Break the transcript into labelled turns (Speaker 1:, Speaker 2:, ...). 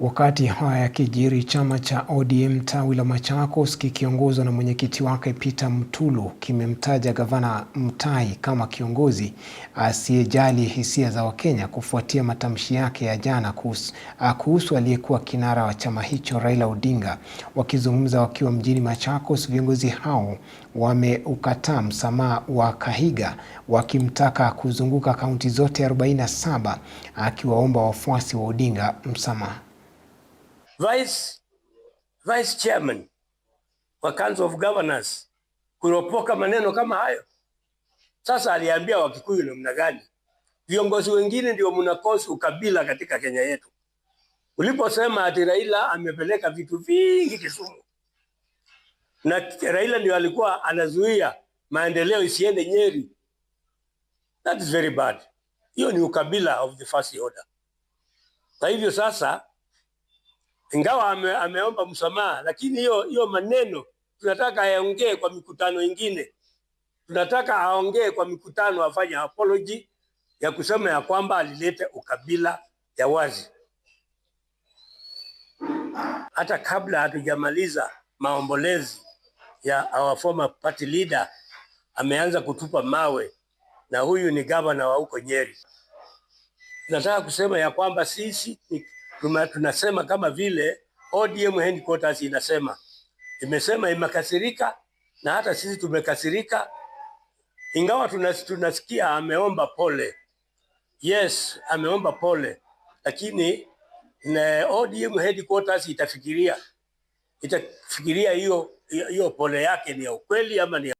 Speaker 1: Wakati haya yakijiri, chama cha ODM tawi la Machakos kikiongozwa na mwenyekiti wake Peter mtulu kimemtaja Gavana Mutahi kama kiongozi asiyejali hisia za Wakenya kufuatia matamshi yake ya jana kuhusu, ah, kuhusu aliyekuwa kinara wa chama hicho Raila Odinga. Wakizungumza wakiwa mjini Machakos, viongozi hao wameukataa msamaha wa Kahiga wakimtaka kuzunguka kaunti zote 47 akiwaomba wafuasi wa Odinga msamaha.
Speaker 2: Vice, Vice Chairman wa Council of Governors kuropoka maneno kama hayo. Sasa aliambia Wakikuyu namna gani? Viongozi wengine ndio mnakosa ukabila katika Kenya yetu. Uliposema ati Raila amepeleka vitu vingi Kisumu na Raila ndio alikuwa anazuia maendeleo isiende Nyeri, that is very bad. Hiyo ni ukabila of the first order. Kwa hivyo sasa ingawa ame, ameomba msamaha, lakini hiyo hiyo maneno tunataka aongee kwa mikutano ingine. Tunataka aongee kwa mikutano, afanye apology ya kusema ya kwamba alileta ukabila ya wazi. Hata kabla hatujamaliza maombolezi ya our former party leader, ameanza kutupa mawe, na huyu ni gavana wa huko Nyeri. Nataka kusema ya kwamba sisi ni tunasema kama vile ODM headquarters inasema, imesema imekasirika, na hata sisi tumekasirika, ingawa tunas, tunasikia ameomba pole. Yes, ameomba pole, lakini na ODM headquarters itafikiria itafikiria hiyo hiyo pole yake ni ya ukweli ama ni